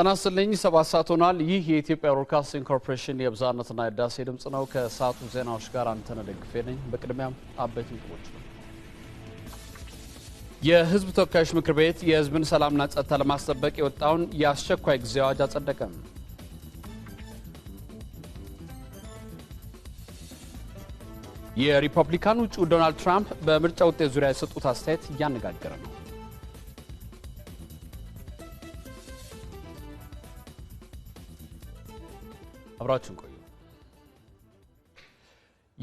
ጤና ይስጥልኝ። ሰባት ሰዓት ሆኗል። ይህ የኢትዮጵያ ብሮድካስቲንግ ኮርፖሬሽን የብዝሃነትና የዳሴ ድምፅ ነው። ከሰዓቱ ዜናዎች ጋር አንተነህ ደግፌ ነኝ። በቅድሚያም አበይት ነጥቦች። የህዝብ ተወካዮች ምክር ቤት የህዝብን ሰላምና ጸጥታ ለማስጠበቅ የወጣውን የአስቸኳይ ጊዜ አዋጅ አጸደቀም። የሪፐብሊካኑ ውጭ ዶናልድ ትራምፕ በምርጫ ውጤት ዙሪያ የሰጡት አስተያየት እያነጋገረ ነው። አብራችሁን ቆዩ።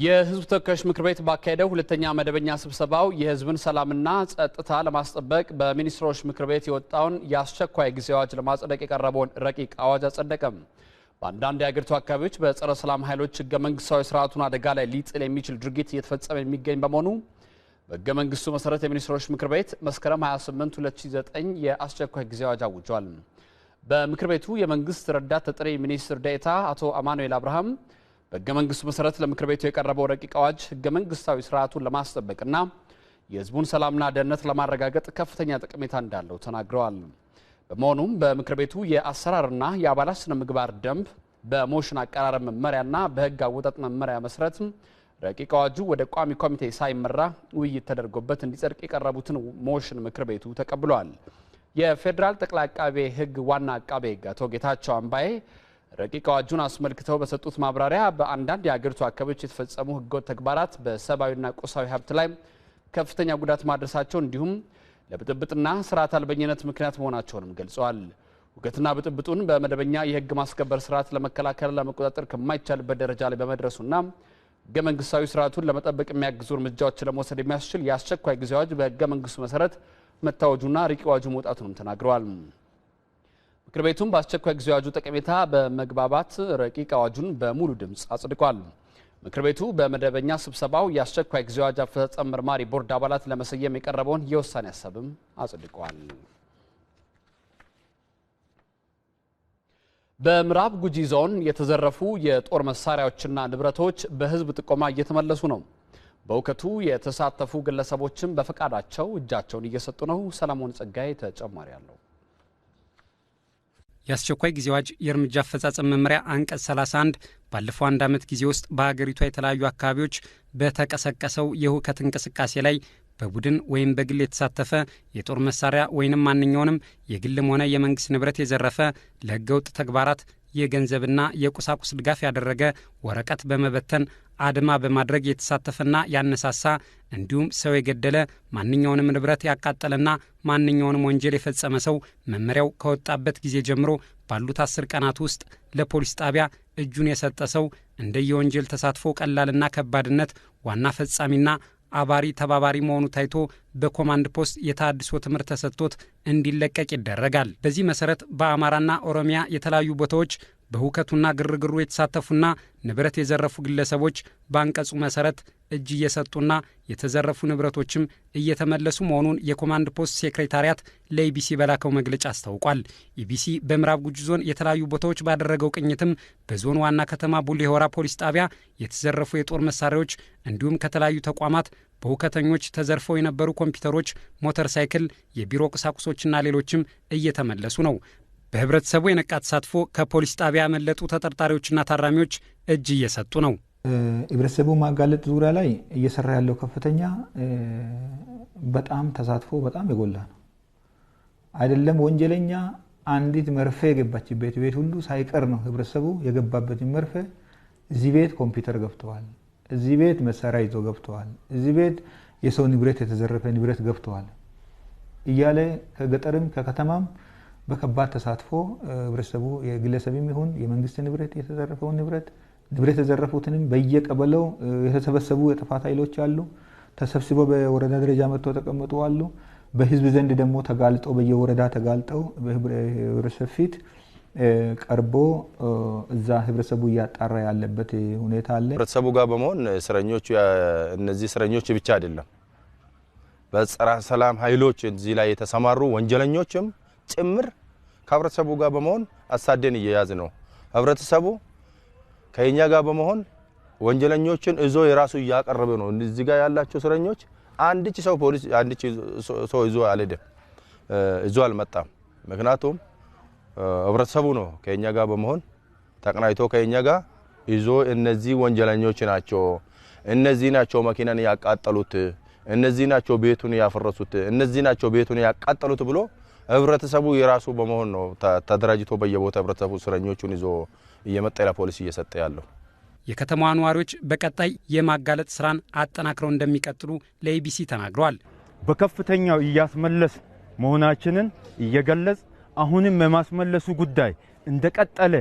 የህዝብ ተወካዮች ምክር ቤት ባካሄደው ሁለተኛ መደበኛ ስብሰባው የህዝብን ሰላምና ጸጥታ ለማስጠበቅ በሚኒስትሮች ምክር ቤት የወጣውን የአስቸኳይ ጊዜ አዋጅ ለማጽደቅ የቀረበውን ረቂቅ አዋጅ አጸደቀም። በአንዳንድ የአገሪቱ አካባቢዎች በጸረ ሰላም ኃይሎች ህገ መንግስታዊ ስርዓቱን አደጋ ላይ ሊጥል የሚችል ድርጊት እየተፈጸመ የሚገኝ በመሆኑ በህገ መንግስቱ መሰረት የሚኒስትሮች ምክር ቤት መስከረም 28 2009 የአስቸኳይ ጊዜ አዋጅ አውጇል። በምክር ቤቱ የመንግስት ረዳት ተጠሪ ሚኒስትር ዴኤታ አቶ አማኑኤል አብርሃም በህገ መንግስቱ መሰረት ለምክር ቤቱ የቀረበው ረቂቅ አዋጅ ህገ መንግስታዊ ስርዓቱን ለማስጠበቅና የህዝቡን ሰላምና ደህንነት ለማረጋገጥ ከፍተኛ ጠቀሜታ እንዳለው ተናግረዋል። በመሆኑም በምክር ቤቱ የአሰራርና የአባላት ስነ ምግባር ደንብ በሞሽን አቀራረብ መመሪያና በህግ አወጣጥ መመሪያ መሰረት ረቂቅ አዋጁ ወደ ቋሚ ኮሚቴ ሳይመራ ውይይት ተደርጎበት እንዲጸድቅ የቀረቡትን ሞሽን ምክር ቤቱ ተቀብሏል። የፌዴራል ጠቅላይ አቃቤ ሕግ ዋና አቃቤ ሕግ አቶ ጌታቸው አምባዬ ረቂቅ አዋጁን አስመልክተው በሰጡት ማብራሪያ በአንዳንድ የአገሪቱ አካባቢዎች የተፈጸሙ ሕገወጥ ተግባራት በሰብአዊና ቁሳዊ ሀብት ላይ ከፍተኛ ጉዳት ማድረሳቸው እንዲሁም ለብጥብጥና ስርዓት አልበኝነት ምክንያት መሆናቸውንም ገልጸዋል። ሁከትና ብጥብጡን በመደበኛ የህግ ማስከበር ስርዓት ለመከላከል ለመቆጣጠር ከማይቻልበት ደረጃ ላይ በመድረሱና ህገ መንግስታዊ ስርዓቱን ለመጠበቅ የሚያግዙ እርምጃዎች ለመውሰድ የሚያስችል የአስቸኳይ ጊዜ አዋጅ በህገ መንግስቱ መሰረት መታወጁና ረቂቅ አዋጁ መውጣቱንም ተናግረዋል። ምክር ቤቱም በአስቸኳይ ጊዜ አዋጁ ጠቀሜታ በመግባባት ረቂቅ አዋጁን በሙሉ ድምፅ አጽድቋል። ምክር ቤቱ በመደበኛ ስብሰባው የአስቸኳይ ጊዜ አዋጅ አፈጻጸም መርማሪ ቦርድ አባላት ለመሰየም የቀረበውን የውሳኔ ሀሳብም አጽድቋል። በምዕራብ ጉጂ ዞን የተዘረፉ የጦር መሳሪያዎችና ንብረቶች በሕዝብ ጥቆማ እየተመለሱ ነው። በእውከቱ የተሳተፉ ግለሰቦችም በፈቃዳቸው እጃቸውን እየሰጡ ነው። ሰለሞን ጸጋይ ተጨማሪ አለው። የአስቸኳይ ጊዜ አዋጅ የእርምጃ አፈጻጸም መመሪያ አንቀጽ 31 ባለፈው አንድ ዓመት ጊዜ ውስጥ በሀገሪቷ የተለያዩ አካባቢዎች በተቀሰቀሰው የሁከት እንቅስቃሴ ላይ በቡድን ወይም በግል የተሳተፈ የጦር መሳሪያ ወይንም ማንኛውንም የግልም ሆነ የመንግስት ንብረት የዘረፈ ለህገውጥ ተግባራት የገንዘብና የቁሳቁስ ድጋፍ ያደረገ ወረቀት በመበተን አድማ በማድረግ የተሳተፈና ያነሳሳ እንዲሁም ሰው የገደለ ማንኛውንም ንብረት ያቃጠለና ማንኛውንም ወንጀል የፈጸመ ሰው መመሪያው ከወጣበት ጊዜ ጀምሮ ባሉት አስር ቀናት ውስጥ ለፖሊስ ጣቢያ እጁን የሰጠ ሰው እንደየወንጀል ተሳትፎ ቀላልና ከባድነት ዋና ፈጻሚና አባሪ ተባባሪ መሆኑ ታይቶ በኮማንድ ፖስት የታድሶ ትምህርት ተሰጥቶት እንዲለቀቅ ይደረጋል። በዚህ መሰረት በአማራና ኦሮሚያ የተለያዩ ቦታዎች በሁከቱና ግርግሩ የተሳተፉና ንብረት የዘረፉ ግለሰቦች በአንቀጹ መሰረት እጅ እየሰጡና የተዘረፉ ንብረቶችም እየተመለሱ መሆኑን የኮማንድ ፖስት ሴክሬታሪያት ለኢቢሲ በላከው መግለጫ አስታውቋል። ኢቢሲ በምዕራብ ጉጂ ዞን የተለያዩ ቦታዎች ባደረገው ቅኝትም በዞን ዋና ከተማ ቡሌ ሆራ ፖሊስ ጣቢያ የተዘረፉ የጦር መሳሪያዎች እንዲሁም ከተለያዩ ተቋማት በውከተኞች ተዘርፈው የነበሩ ኮምፒውተሮች፣ ሞተር ሳይክል፣ የቢሮ ቁሳቁሶችና ሌሎችም እየተመለሱ ነው። በህብረተሰቡ የነቃ ተሳትፎ ከፖሊስ ጣቢያ ያመለጡ ተጠርጣሪዎችና ታራሚዎች እጅ እየሰጡ ነው። ህብረተሰቡ ማጋለጥ ዙሪያ ላይ እየሰራ ያለው ከፍተኛ በጣም ተሳትፎ በጣም የጎላ ነው። አይደለም ወንጀለኛ አንዲት መርፌ የገባችበት ቤት ሁሉ ሳይቀር ነው ህብረተሰቡ የገባበትን መርፌ እዚህ ቤት ኮምፒውተር ገብተዋል፣ እዚህ ቤት መሳሪያ ይዞ ገብተዋል፣ እዚህ ቤት የሰው ንብረት የተዘረፈ ንብረት ገብተዋል እያለ ከገጠርም ከከተማም በከባድ ተሳትፎ ህብረተሰቡ የግለሰብም ይሁን የመንግስት ንብረት የተዘረፈውን ንብረት ንብረት የተዘረፉትንም በየቀበለው የተሰበሰቡ የጥፋት ኃይሎች አሉ። ተሰብስበው በወረዳ ደረጃ መጥተው ተቀምጠው አሉ። በህዝብ ዘንድ ደግሞ ተጋልጦ በየወረዳ ተጋልጠው በህብረተሰብ ፊት ቀርቦ እዛ ህብረተሰቡ እያጣራ ያለበት ሁኔታ አለ። ህብረተሰቡ ጋር በመሆን እስረኞቹ እነዚህ እስረኞች ብቻ አይደለም፣ በጸረ ሰላም ኃይሎች እዚህ ላይ የተሰማሩ ወንጀለኞችም ጭምር ከህብረተሰቡ ጋር በመሆን አሳደን እየያዝ ነው ህብረተሰቡ ከኛ ጋር በመሆን ወንጀለኞችን እዞ የራሱ እያቀረበ ነው። እዚህ ጋር ያላቸው እስረኞች አንድች ሰው ፖሊስ አንድች ሰው እዞ አልሄደም፣ እዞ አልመጣም። ምክንያቱም ህብረተሰቡ ነው ከኛ ጋር በመሆን ተቀናይቶ ከኛ ጋር እዞ እነዚህ ወንጀለኞች ናቸው፣ እነዚህ ናቸው መኪናን ያቃጠሉት፣ እነዚህ ናቸው ቤቱን ያፈረሱት፣ እነዚህ ናቸው ቤቱን ያቃጠሉት ብሎ ህብረተሰቡ የራሱ በመሆን ነው ተደራጅቶ በየቦታ ህብረተሰቡ እስረኞቹን ይዞ እየመጠሪያ ፖሊሲ እየሰጠ ያለው። የከተማዋ ነዋሪዎች በቀጣይ የማጋለጥ ስራን አጠናክረው እንደሚቀጥሉ ለኢቢሲ ተናግረዋል። በከፍተኛው እያስመለስ መሆናችንን እየገለጽ አሁንም የማስመለሱ ጉዳይ እንደቀጠለ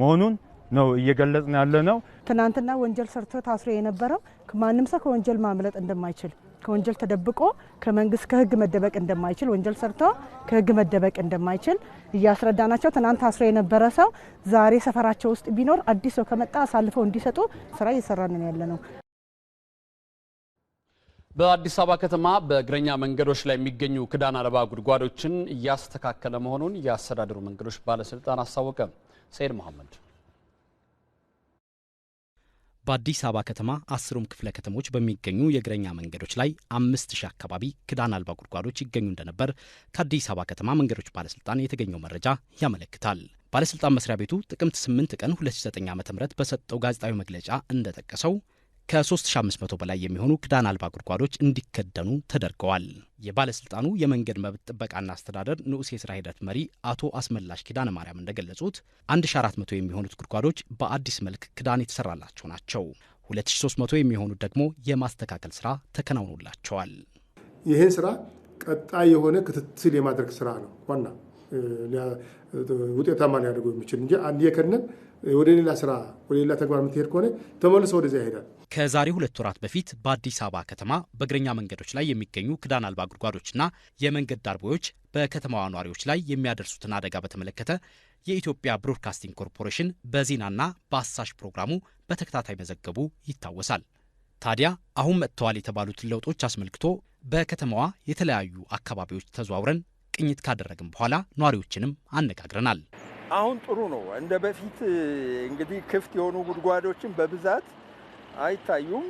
መሆኑን ነው እየገለጽን ያለ ነው። ትናንትና ወንጀል ሰርቶ ታስሮ የነበረው ማንም ሰው ከወንጀል ማምለጥ እንደማይችል ከወንጀል ተደብቆ ከመንግስት ከህግ መደበቅ እንደማይችል ወንጀል ሰርቶ ከህግ መደበቅ እንደማይችል እያስረዳናቸው ትናንት አስሮ የነበረ ሰው ዛሬ ሰፈራቸው ውስጥ ቢኖር አዲስ ሰው ከመጣ አሳልፈው እንዲሰጡ ስራ እየሰራንን ያለ ነው። በአዲስ አበባ ከተማ በእግረኛ መንገዶች ላይ የሚገኙ ክዳን አልባ ጉድጓዶችን እያስተካከለ መሆኑን የአስተዳደሩ መንገዶች ባለስልጣን አስታወቀ። ሰይድ መሐመድ በአዲስ አበባ ከተማ አስሩም ክፍለ ከተሞች በሚገኙ የእግረኛ መንገዶች ላይ አምስት ሺህ አካባቢ ክዳን አልባ ጉድጓዶች ይገኙ እንደነበር ከአዲስ አበባ ከተማ መንገዶች ባለስልጣን የተገኘው መረጃ ያመለክታል። ባለስልጣን መስሪያ ቤቱ ጥቅምት 8 ቀን 2009 ም በሰጠው ጋዜጣዊ መግለጫ እንደጠቀሰው ከ3500 በላይ የሚሆኑ ክዳን አልባ ጉድጓዶች እንዲከደኑ ተደርገዋል። የባለስልጣኑ የመንገድ መብት ጥበቃና አስተዳደር ንዑስ የስራ ሂደት መሪ አቶ አስመላሽ ኪዳነ ማርያም እንደገለጹት 1400 የሚሆኑት ጉድጓዶች በአዲስ መልክ ክዳን የተሰራላቸው ናቸው። 2300 የሚሆኑት ደግሞ የማስተካከል ስራ ተከናውኖላቸዋል። ይህን ስራ ቀጣይ የሆነ ክትትል የማድረግ ስራ ነው ዋና ውጤታማ ሊያደርገው የሚችል እንጂ አንድ የከነን ወደ ሌላ ስራ ወደ ሌላ ተግባር የምትሄድ ከሆነ ተመልሶ ወደዚያ ይሄዳል። ከዛሬ ሁለት ወራት በፊት በአዲስ አበባ ከተማ በእግረኛ መንገዶች ላይ የሚገኙ ክዳን አልባ ጉድጓዶችና የመንገድ ዳር ቦዮች በከተማዋ ነዋሪዎች ላይ የሚያደርሱትን አደጋ በተመለከተ የኢትዮጵያ ብሮድካስቲንግ ኮርፖሬሽን በዜናና በአሳሽ ፕሮግራሙ በተከታታይ መዘገቡ ይታወሳል። ታዲያ አሁን መጥተዋል የተባሉትን ለውጦች አስመልክቶ በከተማዋ የተለያዩ አካባቢዎች ተዘዋውረን ቅኝት ካደረግን በኋላ ነዋሪዎችንም አነጋግረናል። አሁን ጥሩ ነው። እንደ በፊት እንግዲህ ክፍት የሆኑ ጉድጓዶችን በብዛት አይታዩም።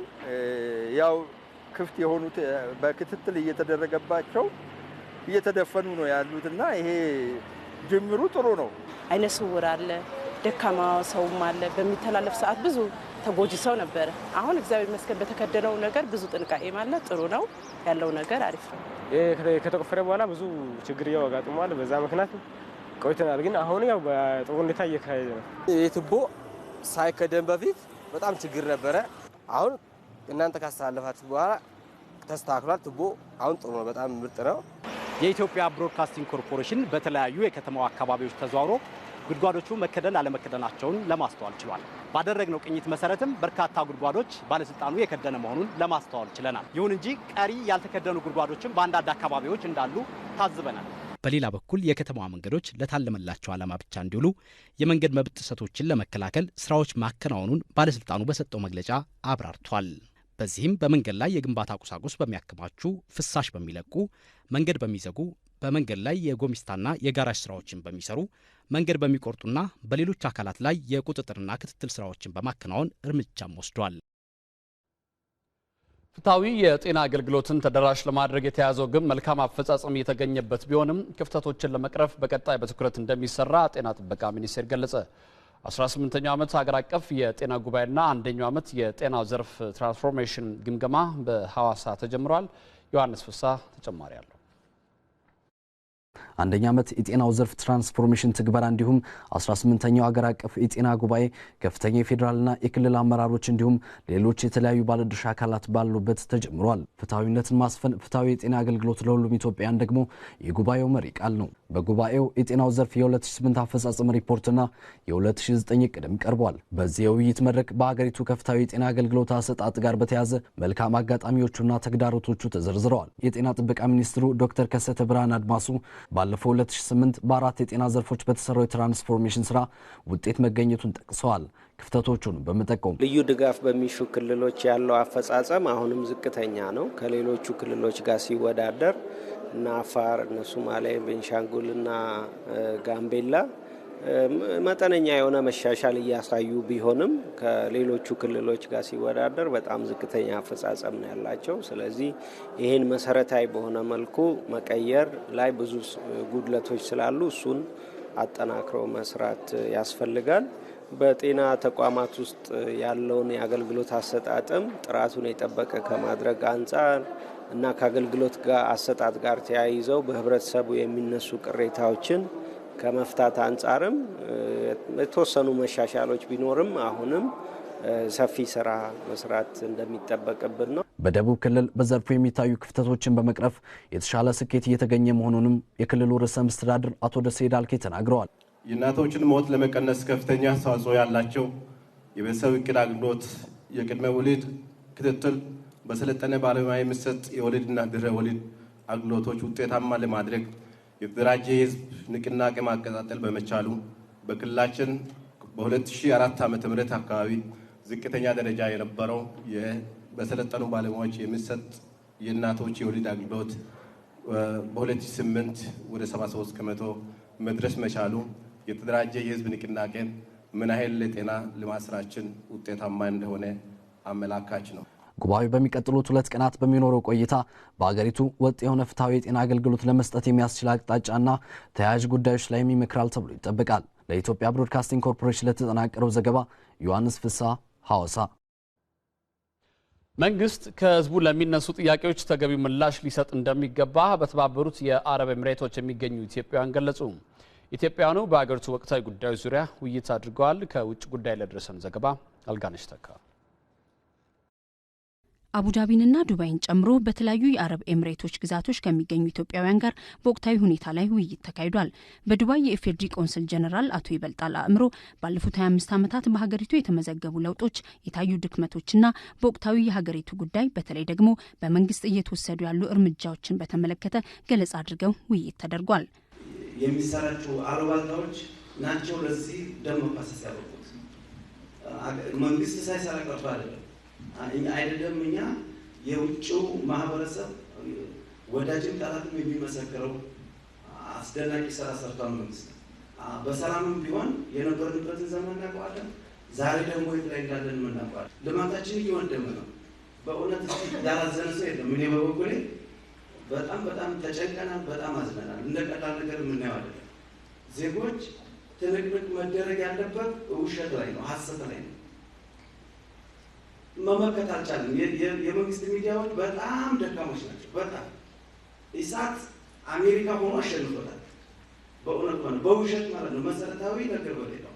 ያው ክፍት የሆኑት በክትትል እየተደረገባቸው እየተደፈኑ ነው ያሉት እና ይሄ ጅምሩ ጥሩ ነው። አይነ ስውር አለ፣ ደካማ ሰውም አለ። በሚተላለፍ ሰዓት ብዙ ተጎጂ ሰው ነበረ። አሁን እግዚአብሔር ይመስገን በተከደነው ነገር ብዙ ጥንቃቄ ማለት ጥሩ ነው ያለው ነገር አሪፍ ነው። ከተቆፈረ በኋላ ብዙ ችግር አጋጥሟል በዛ ምክንያት ቆይተናል፣ ግን አሁን ያው በጥሩ ሁኔታ እየካሄደ ነው። ይህ ቱቦ ሳይከደን በፊት በጣም ችግር ነበረ። አሁን እናንተ ካስተላለፋችሁ በኋላ ተስተካክሏል። ቱቦ አሁን ጥሩ ነው፣ በጣም ምርጥ ነው። የኢትዮጵያ ብሮድካስቲንግ ኮርፖሬሽን በተለያዩ የከተማው አካባቢዎች ተዘዋውሮ ጉድጓዶቹ መከደን አለመከደናቸውን ለማስተዋል ችሏል። ባደረግነው ቅኝት መሰረትም በርካታ ጉድጓዶች ባለስልጣኑ የከደነ መሆኑን ለማስተዋል ችለናል። ይሁን እንጂ ቀሪ ያልተከደኑ ጉድጓዶችም በአንዳንድ አካባቢዎች እንዳሉ ታዝበናል። በሌላ በኩል የከተማዋ መንገዶች ለታለመላቸው ዓላማ ብቻ እንዲውሉ የመንገድ መብት ጥሰቶችን ለመከላከል ስራዎች ማከናወኑን ባለስልጣኑ በሰጠው መግለጫ አብራርቷል። በዚህም በመንገድ ላይ የግንባታ ቁሳቁስ በሚያከማቹ፣ ፍሳሽ በሚለቁ፣ መንገድ በሚዘጉ በመንገድ ላይ የጎሚስታና የጋራጅ ስራዎችን በሚሰሩ መንገድ በሚቆርጡና በሌሎች አካላት ላይ የቁጥጥርና ክትትል ስራዎችን በማከናወን እርምጃም ወስዷል። ፍታዊ የጤና አገልግሎትን ተደራሽ ለማድረግ የተያዘው ግን መልካም አፈጻጸም እየተገኘበት ቢሆንም ክፍተቶችን ለመቅረፍ በቀጣይ በትኩረት እንደሚሰራ ጤና ጥበቃ ሚኒስቴር ገለጸ። 18ኛው ዓመት ሀገር አቀፍ የጤና ጉባኤና አንደኛው ዓመት የጤናው ዘርፍ ትራንስፎርሜሽን ግምገማ በሐዋሳ ተጀምሯል። ዮሐንስ ፍሳ ተጨማሪ አለው። አንደኛ ዓመት የጤናው ዘርፍ ትራንስፎርሜሽን ትግበራ እንዲሁም 18ኛው ሀገር አቀፍ የጤና ጉባኤ ከፍተኛ የፌዴራልና የክልል አመራሮች እንዲሁም ሌሎች የተለያዩ ባለድርሻ አካላት ባሉበት ተጀምሯል። ፍትሐዊነትን ማስፈን፣ ፍትሐዊ የጤና አገልግሎት ለሁሉም ኢትዮጵያውያን ደግሞ የጉባኤው መሪ ቃል ነው። በጉባኤው የጤናው ዘርፍ የ2008 አፈጻጸም ሪፖርትና የ2009 ቅድም ቀርቧል። በዚህ የውይይት መድረክ በአገሪቱ ከፍታዊ የጤና አገልግሎት አሰጣጥ ጋር በተያያዘ መልካም አጋጣሚዎቹና ተግዳሮቶቹ ተዘርዝረዋል። የጤና ጥበቃ ሚኒስትሩ ዶክተር ከሰተ ብርሃን አድማሱ ባለፈው 2008 በአራት የጤና ዘርፎች በተሰራው የትራንስፎርሜሽን ስራ ውጤት መገኘቱን ጠቅሰዋል። ክፍተቶቹን በመጠቆም ልዩ ድጋፍ በሚሹ ክልሎች ያለው አፈጻጸም አሁንም ዝቅተኛ ነው ከሌሎቹ ክልሎች ጋር ሲወዳደር እና አፋር እነ ሶማሌ፣ ቤንሻንጉል እና ጋምቤላ መጠነኛ የሆነ መሻሻል እያሳዩ ቢሆንም ከሌሎቹ ክልሎች ጋር ሲወዳደር በጣም ዝቅተኛ አፈጻጸም ነው ያላቸው። ስለዚህ ይህን መሰረታዊ በሆነ መልኩ መቀየር ላይ ብዙ ጉድለቶች ስላሉ እሱን አጠናክሮ መስራት ያስፈልጋል። በጤና ተቋማት ውስጥ ያለውን የአገልግሎት አሰጣጥም ጥራቱን የጠበቀ ከማድረግ አንጻር እና ከአገልግሎት ጋር አሰጣጥ ጋር ተያይዘው በህብረተሰቡ የሚነሱ ቅሬታዎችን ከመፍታት አንጻርም የተወሰኑ መሻሻሎች ቢኖርም አሁንም ሰፊ ስራ መስራት እንደሚጠበቅብን ነው። በደቡብ ክልል በዘርፉ የሚታዩ ክፍተቶችን በመቅረፍ የተሻለ ስኬት እየተገኘ መሆኑንም የክልሉ ርዕሰ መስተዳድር አቶ ደሴ ዳልኬ ተናግረዋል። የእናቶችን ሞት ለመቀነስ ከፍተኛ አስተዋጽኦ ያላቸው የቤተሰብ እቅድ አገልግሎት፣ የቅድመ ውሊድ ክትትል በሰለጠነ ባለሙያ የሚሰጥ የወሊድና ድረ ወሊድ አገልግሎቶች ውጤታማ ለማድረግ የተደራጀ የህዝብ ንቅናቄ ማቀጣጠል በመቻሉ በክልላችን በ2004 ዓ.ም አካባቢ ዝቅተኛ ደረጃ የነበረው በሰለጠኑ ባለሙያዎች የሚሰጥ የእናቶች የወሊድ አገልግሎት በ2008 ወደ 73 ከመቶ መድረስ መቻሉ የተደራጀ የህዝብ ንቅናቄ ምን ያህል ለጤና ልማት ስራችን ውጤታማ እንደሆነ አመላካች ነው። ጉባኤው በሚቀጥሉት ሁለት ቀናት በሚኖረው ቆይታ በአገሪቱ ወጥ የሆነ ፍትሐዊ የጤና አገልግሎት ለመስጠት የሚያስችል አቅጣጫና ተያያዥ ጉዳዮች ላይም ይመክራል ተብሎ ይጠበቃል። ለኢትዮጵያ ብሮድካስቲንግ ኮርፖሬሽን ለተጠናቀረው ዘገባ ዮሐንስ ፍሳ ሐዋሳ። መንግስት ከህዝቡ ለሚነሱ ጥያቄዎች ተገቢ ምላሽ ሊሰጥ እንደሚገባ በተባበሩት የአረብ ኤምሬቶች የሚገኙ ኢትዮጵያውያን ገለጹ። ኢትዮጵያውያኑ በሀገሪቱ ወቅታዊ ጉዳዮች ዙሪያ ውይይት አድርገዋል። ከውጭ ጉዳይ ለደረሰን ዘገባ አልጋነሽ ተካ አቡዳቢንና ዱባይን ጨምሮ በተለያዩ የአረብ ኤምሬቶች ግዛቶች ከሚገኙ ኢትዮጵያውያን ጋር በወቅታዊ ሁኔታ ላይ ውይይት ተካሂዷል። በዱባይ የኢፌድሪ ቆንስል ጀነራል አቶ ይበልጣል አእምሮ ባለፉት 25 ዓመታት በሀገሪቱ የተመዘገቡ ለውጦች፣ የታዩ ድክመቶችና በወቅታዊ የሀገሪቱ ጉዳይ በተለይ ደግሞ በመንግስት እየተወሰዱ ያሉ እርምጃዎችን በተመለከተ ገለጻ አድርገው ውይይት ተደርጓል። የሚሰራጩ አሉባልታዎች ናቸው ለዚህ ደም መፋሰስ ያበቁት መንግስት ሳይሰራ ቀርቶ አይደለም አይደለም እኛ የውጭው ማህበረሰብ ወዳጅም ጠላትም የሚመሰክረው አስደናቂ ስራ ሰርቷል መንግስት። በሰላምም ቢሆን የነበርንበትን ዘመን እናውቀዋለን። ዛሬ ደግሞ የት ላይ እንዳለን ልማታችን እየወደመ ነው። በእውነት ያላዘነ ሰው የለም። እኔ በበኩሌ በጣም በጣም ተጨንቀናል፣ በጣም አዝነናል። እንደ ቀላል ነገር የምናየው አይደለም። ዜጎች ትንቅንቅ መደረግ ያለበት ውሸት ላይ ነው፣ ሀሰት ላይ ነው። መመልከት አልቻለም። የመንግስት ሚዲያዎች በጣም ደካሞች ናቸው። በጣም ኢሳት አሜሪካ ሆኖ አሸንፎታል። በእውነት ሆነ በውሸት ማለት ነው። መሰረታዊ ነገር በሌለው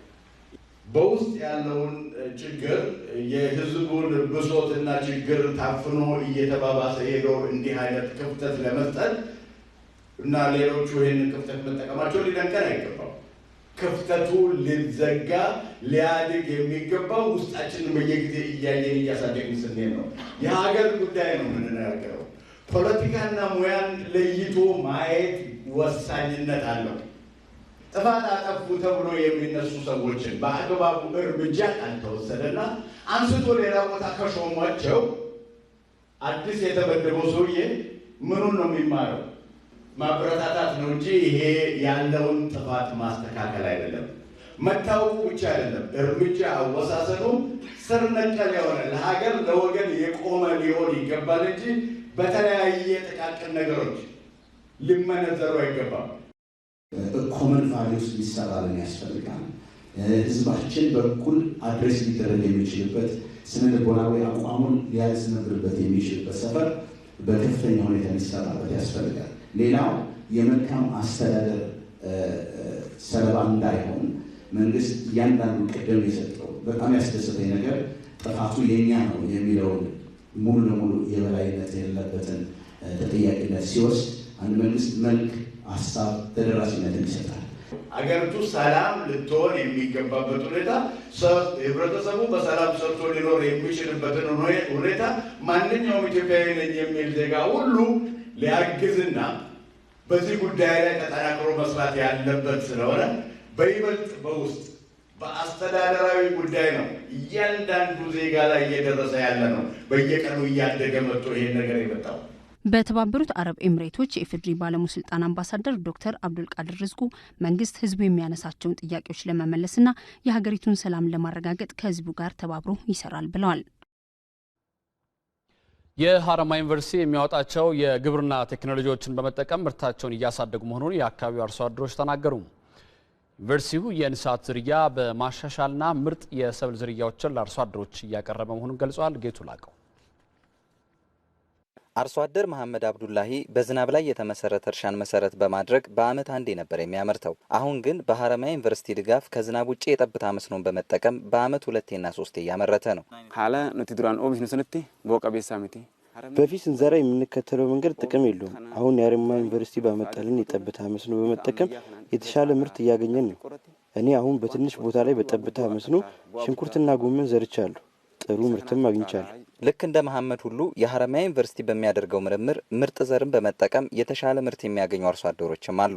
በውስጥ ያለውን ችግር የህዝቡን ብሶትና ችግር ታፍኖ እየተባባሰ ሄዶ እንዲህ አይነት ክፍተት ለመፍጠት እና ሌሎቹ ይህንን ክፍተት መጠቀማቸው ሊደንቀን አይገባም። ክፍተቱ ሊዘጋ ሊያድግ የሚገባው ውስጣችንን በየጊዜ እያየን እያሳደግን ስንሄድ ነው። የሀገር ጉዳይ ነው የምንናገረው። ፖለቲካና ሙያን ለይቶ ማየት ወሳኝነት አለው። ጥፋት አጠፉ ተብሎ የሚነሱ ሰዎችን በአግባቡ እርምጃ ካልተወሰደና አንስቶ ሌላ ቦታ ከሾሟቸው አዲስ የተመደበው ሰውዬ ምኑን ነው የሚማረው? ማበረታታት ነው እንጂ ይሄ ያለውን ጥፋት ማስተካከል አይደለም። መታወቁ ብቻ አይደለም። እርምጃ አወሳሰዱም ስር ነቀል የሆነ ለሀገር ለወገን የቆመ ሊሆን ይገባል እንጂ በተለያየ ጥቃቅን ነገሮች ሊመነዘሩ አይገባም። ኮመን ቫሊዩስ ሊሰራልን ያስፈልጋል። ህዝባችን በኩል አድሬስ ሊደረግ የሚችልበት ስነ ልቦናዊ አቋሙን ሊያዝነብርበት የሚችልበት ሰፈር በከፍተኛ ሁኔታ ሊሰራበት ያስፈልጋል። ሌላው የመልካም አስተዳደር ሰለባ እንዳይሆን መንግስት እያንዳንዱ ቅድም የሰጠው በጣም ያስደሰተኝ ነገር ጥፋቱ የኛ ነው የሚለውን ሙሉ ለሙሉ የበላይነት የሌለበትን ተጠያቂነት ሲወስድ አንድ መንግስት መልክ፣ ሀሳብ ተደራሽነትን ይሰጣል። አገሪቱ ሰላም ልትሆን የሚገባበት ሁኔታ ህብረተሰቡ በሰላም ሰርቶ ሊኖር የሚችልበትን ሁኔታ ማንኛውም ኢትዮጵያዊ ነኝ የሚል ዜጋ ሁሉ ሊያግዝና በዚህ ጉዳይ ላይ ተጠናክሮ መስራት ያለበት ስለሆነ በይበልጥ በውስጥ በአስተዳደራዊ ጉዳይ ነው እያንዳንዱ ዜጋ ላይ እየደረሰ ያለ ነው። በየቀኑ እያደገ መጥቶ ይሄን ነገር የመጣው በተባበሩት አረብ ኤምሬቶች የኢፌዴሪ ባለሙስልጣን አምባሳደር ዶክተር አብዱልቃድር ርዝቁ መንግስት ህዝቡ የሚያነሳቸውን ጥያቄዎች ለመመለስና የሀገሪቱን ሰላም ለማረጋገጥ ከህዝቡ ጋር ተባብሮ ይሰራል ብለዋል። የሀረማያ ዩኒቨርሲቲ የሚያወጣቸው የግብርና ቴክኖሎጂዎችን በመጠቀም ምርታቸውን እያሳደጉ መሆኑን የአካባቢው አርሶ አደሮች ተናገሩ። ዩኒቨርሲቲው የእንስሳት ዝርያ በማሻሻልና ምርጥ የሰብል ዝርያዎችን ለአርሶ አደሮች እያቀረበ መሆኑን ገልጿል። ጌቱ ላቀው አርሶ አደር መሐመድ አብዱላሂ በዝናብ ላይ የተመሰረተ እርሻን መሰረት በማድረግ በአመት አንዴ ነበር የሚያመርተው። አሁን ግን በሀረማያ ዩኒቨርሲቲ ድጋፍ ከዝናብ ውጭ የጠብታ መስኖን በመጠቀም በአመት ሁለቴና ሶስቴ እያመረተ ነው። ካለ ኑቲ ዱራን ኦሚሽ ንስንቲ ቦቀ ሚቲ በፊት ስንዘራ የምንከተለው መንገድ ጥቅም የለውም። አሁን የሀረማያ ዩኒቨርሲቲ ባመጣልን የጠብታ መስኖ በመጠቀም የተሻለ ምርት እያገኘን ነው። እኔ አሁን በትንሽ ቦታ ላይ በጠብታ መስኖ ሽንኩርትና ጎመን ዘርቻለሁ። ጥሩ ምርትም አግኝቻለሁ። ልክ እንደ መሐመድ ሁሉ የሀረማያ ዩኒቨርሲቲ በሚያደርገው ምርምር ምርጥ ዘርን በመጠቀም የተሻለ ምርት የሚያገኙ አርሶ አደሮችም አሉ።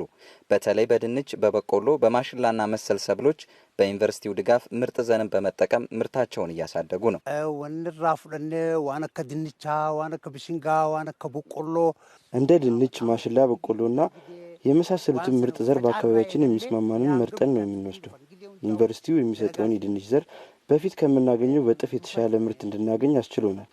በተለይ በድንች፣ በበቆሎ፣ በማሽላና መሰል ሰብሎች በዩኒቨርሲቲው ድጋፍ ምርጥ ዘርን በመጠቀም ምርታቸውን እያሳደጉ ነው። ወንራፍለን ዋነ ከድንቻ ዋነ ከብሽንጋ ዋነ ከበቆሎ እንደ ድንች፣ ማሽላ፣ በቆሎና የመሳሰሉትን ምርጥ ዘር በአካባቢያችን የሚስማማንን መርጠን ነው የምንወስደው። ዩኒቨርሲቲው የሚሰጠውን የድንች ዘር በፊት ከምናገኘው በጥፊት የተሻለ ምርት እንድናገኝ አስችሎናል።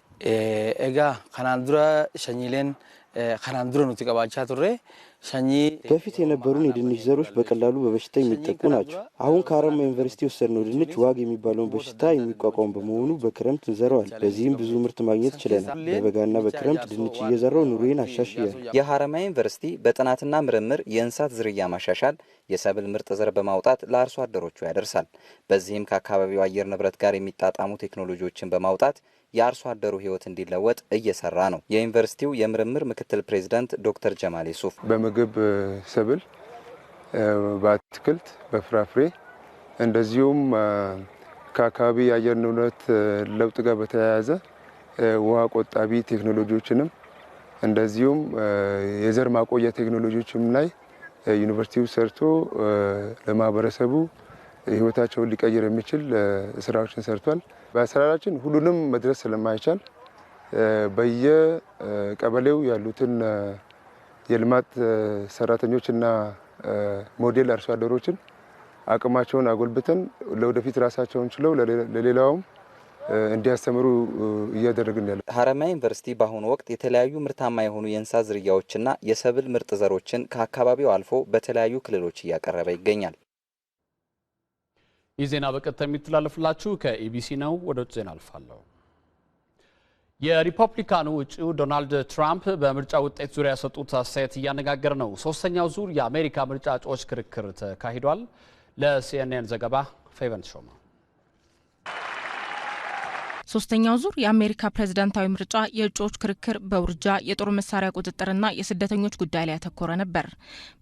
በፊት የነበሩን የድንች ዘሮች በቀላሉ በበሽታ የሚጠቁ ናቸው። አሁን ከሀረማ ዩኒቨርሲቲ የወሰድነው ድንች ዋግ የሚባለውን በሽታ የሚቋቋም በመሆኑ በክረምት እንዘረዋል። በዚህም ብዙ ምርት ማግኘት ችለናል። በበጋና በክረምት ድንች እየዘራው ኑሮዬን አሻሽያል። የሀረማ ዩኒቨርሲቲ በጥናትና ምርምር የእንስሳት ዝርያ ማሻሻል፣ የሰብል ምርጥ ዘር በማውጣት ለአርሶ አደሮቹ ያደርሳል። በዚህም ከአካባቢው አየር ንብረት ጋር የሚጣጣሙ ቴክኖሎጂዎችን በማውጣት የአርሶ አደሩ ህይወት እንዲለወጥ እየሰራ ነው። የዩኒቨርሲቲው የምርምር ምክትል ፕሬዚዳንት ዶክተር ጀማል ሱፍ በምግብ ሰብል፣ በአትክልት፣ በፍራፍሬ እንደዚሁም ከአካባቢ የአየር ንብረት ለውጥ ጋር በተያያዘ ውሃ ቆጣቢ ቴክኖሎጂዎችንም እንደዚሁም የዘር ማቆያ ቴክኖሎጂዎችም ላይ ዩኒቨርሲቲው ሰርቶ ለማህበረሰቡ ህይወታቸውን ሊቀይር የሚችል ስራዎችን ሰርቷል። በአሰራራችን ሁሉንም መድረስ ስለማይቻል በየቀበሌው ያሉትን የልማት ሰራተኞችና ሞዴል አርሶ አደሮችን አቅማቸውን አጎልብተን ለወደፊት ራሳቸውን ችለው ለሌላውም እንዲያስተምሩ እያደረግን ያለ ሀረማያ ዩኒቨርሲቲ በአሁኑ ወቅት የተለያዩ ምርታማ የሆኑ የእንስሳት ዝርያዎችና የሰብል ምርጥ ዘሮችን ከአካባቢው አልፎ በተለያዩ ክልሎች እያቀረበ ይገኛል። ይህ ዜና በቀጥታ የሚተላለፍላችሁ ከኢቢሲ ነው። ወደ ውጭ ዜና አልፋለሁ። የሪፐብሊካኑ እጩ ዶናልድ ትራምፕ በምርጫ ውጤት ዙሪያ የሰጡት አስተያየት እያነጋገረ ነው። ሶስተኛው ዙር የአሜሪካ ምርጫ እጩዎች ክርክር ተካሂዷል። ለሲኤንኤን ዘገባ ፌቨን ሾማ ሶስተኛው ዙር የአሜሪካ ፕሬዝዳንታዊ ምርጫ የእጩዎች ክርክር በውርጃ የጦር መሳሪያ ቁጥጥርና የስደተኞች ጉዳይ ላይ ያተኮረ ነበር።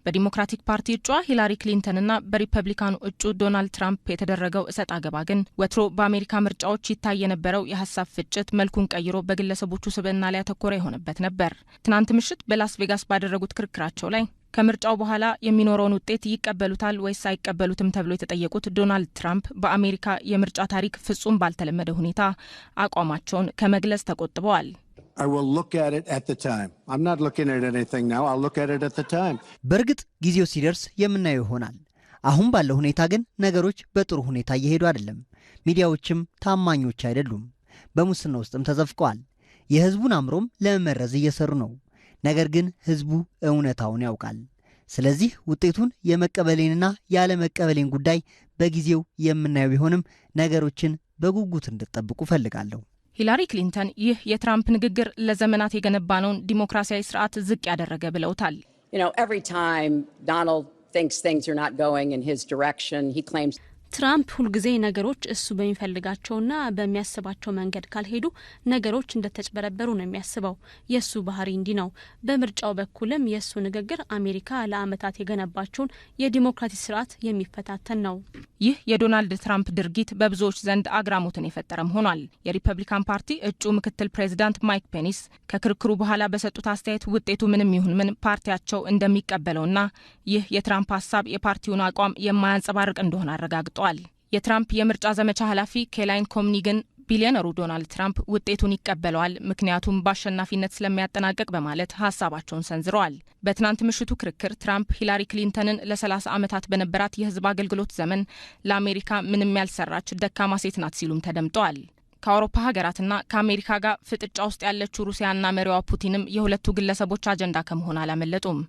በዲሞክራቲክ ፓርቲ እጩዋ ሂላሪ ክሊንተንና በሪፐብሊካኑ እጩ ዶናልድ ትራምፕ የተደረገው እሰጥ አገባ ግን ወትሮ በአሜሪካ ምርጫዎች ይታይ የነበረው የሀሳብ ፍጭት መልኩን ቀይሮ በግለሰቦቹ ስብዕና ላይ ያተኮረ የሆነበት ነበር። ትናንት ምሽት በላስ ቬጋስ ባደረጉት ክርክራቸው ላይ ከምርጫው በኋላ የሚኖረውን ውጤት ይቀበሉታል ወይስ አይቀበሉትም ተብሎ የተጠየቁት ዶናልድ ትራምፕ በአሜሪካ የምርጫ ታሪክ ፍጹም ባልተለመደ ሁኔታ አቋማቸውን ከመግለጽ ተቆጥበዋል። በእርግጥ ጊዜው ሲደርስ የምናየው ይሆናል። አሁን ባለው ሁኔታ ግን ነገሮች በጥሩ ሁኔታ እየሄዱ አይደለም። ሚዲያዎችም ታማኞች አይደሉም። በሙስና ውስጥም ተዘፍቀዋል። የህዝቡን አእምሮም ለመመረዝ እየሰሩ ነው። ነገር ግን ህዝቡ እውነታውን ያውቃል። ስለዚህ ውጤቱን የመቀበሌንና ያለመቀበሌን ጉዳይ በጊዜው የምናየው ቢሆንም ነገሮችን በጉጉት እንድጠብቁ ፈልጋለሁ። ሂላሪ ክሊንተን ይህ የትራምፕ ንግግር ለዘመናት የገነባነውን ዲሞክራሲያዊ ስርዓት ዝቅ ያደረገ ብለውታል። ትራምፕ ሁልጊዜ ነገሮች እሱ በሚፈልጋቸውና በሚያስባቸው መንገድ ካልሄዱ ነገሮች እንደተጭበረበሩ ነው የሚያስበው። የእሱ ባህሪ እንዲህ ነው። በምርጫው በኩልም የእሱ ንግግር አሜሪካ ለዓመታት የገነባቸውን የዲሞክራሲ ስርዓት የሚፈታተን ነው። ይህ የዶናልድ ትራምፕ ድርጊት በብዙዎች ዘንድ አግራሞትን የፈጠረም ሆኗል። የሪፐብሊካን ፓርቲ እጩ ምክትል ፕሬዚዳንት ማይክ ፔንስ ከክርክሩ በኋላ በሰጡት አስተያየት ውጤቱ ምንም ይሁን ምን ፓርቲያቸው እንደሚቀበለውና ይህ የትራምፕ ሀሳብ የፓርቲውን አቋም የማያንጸባርቅ እንደሆነ አረጋግጧል። ገልጸዋል። የትራምፕ የምርጫ ዘመቻ ኃላፊ ኬላይን ኮምኒ ግን ቢሊዮነሩ ዶናልድ ትራምፕ ውጤቱን ይቀበለዋል፣ ምክንያቱም በአሸናፊነት ስለሚያጠናቀቅ በማለት ሀሳባቸውን ሰንዝረዋል። በትናንት ምሽቱ ክርክር ትራምፕ ሂላሪ ክሊንተንን ለ30 ዓመታት በነበራት የህዝብ አገልግሎት ዘመን ለአሜሪካ ምንም ያልሰራች ደካማ ሴት ናት ሲሉም ተደምጠዋል። ከአውሮፓ ሀገራትና ከአሜሪካ ጋር ፍጥጫ ውስጥ ያለችው ሩሲያና መሪዋ ፑቲንም የሁለቱ ግለሰቦች አጀንዳ ከመሆን አላመለጡም።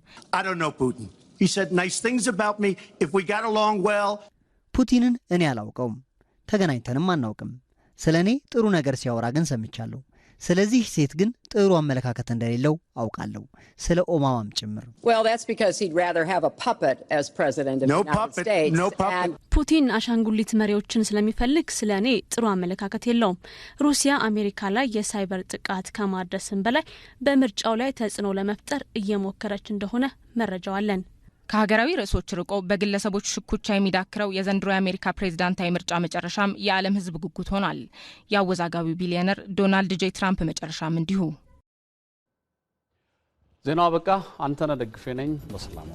ፑቲንን እኔ አላውቀውም፣ ተገናኝተንም አናውቅም። ስለ እኔ ጥሩ ነገር ሲያወራ ግን ሰምቻለሁ። ስለዚህ ሴት ግን ጥሩ አመለካከት እንደሌለው አውቃለሁ፣ ስለ ኦባማም ጭምር። ፑቲን አሻንጉሊት መሪዎችን ስለሚፈልግ ስለ እኔ ጥሩ አመለካከት የለውም። ሩሲያ አሜሪካ ላይ የሳይበር ጥቃት ከማድረስም በላይ በምርጫው ላይ ተጽዕኖ ለመፍጠር እየሞከረች እንደሆነ መረጃዋለን። አለን። ከሀገራዊ ርዕሶች ርቆ በግለሰቦች ሽኩቻ የሚዳክረው የዘንድሮ የአሜሪካ ፕሬዚዳንታዊ ምርጫ መጨረሻም የዓለም ሕዝብ ጉጉት ሆኗል። የአወዛጋቢው ቢሊዮነር ዶናልድ ጄ ትራምፕ መጨረሻም እንዲሁ። ዜናው አበቃ። አንተነህ ደግፌ ነኝ። በሰላም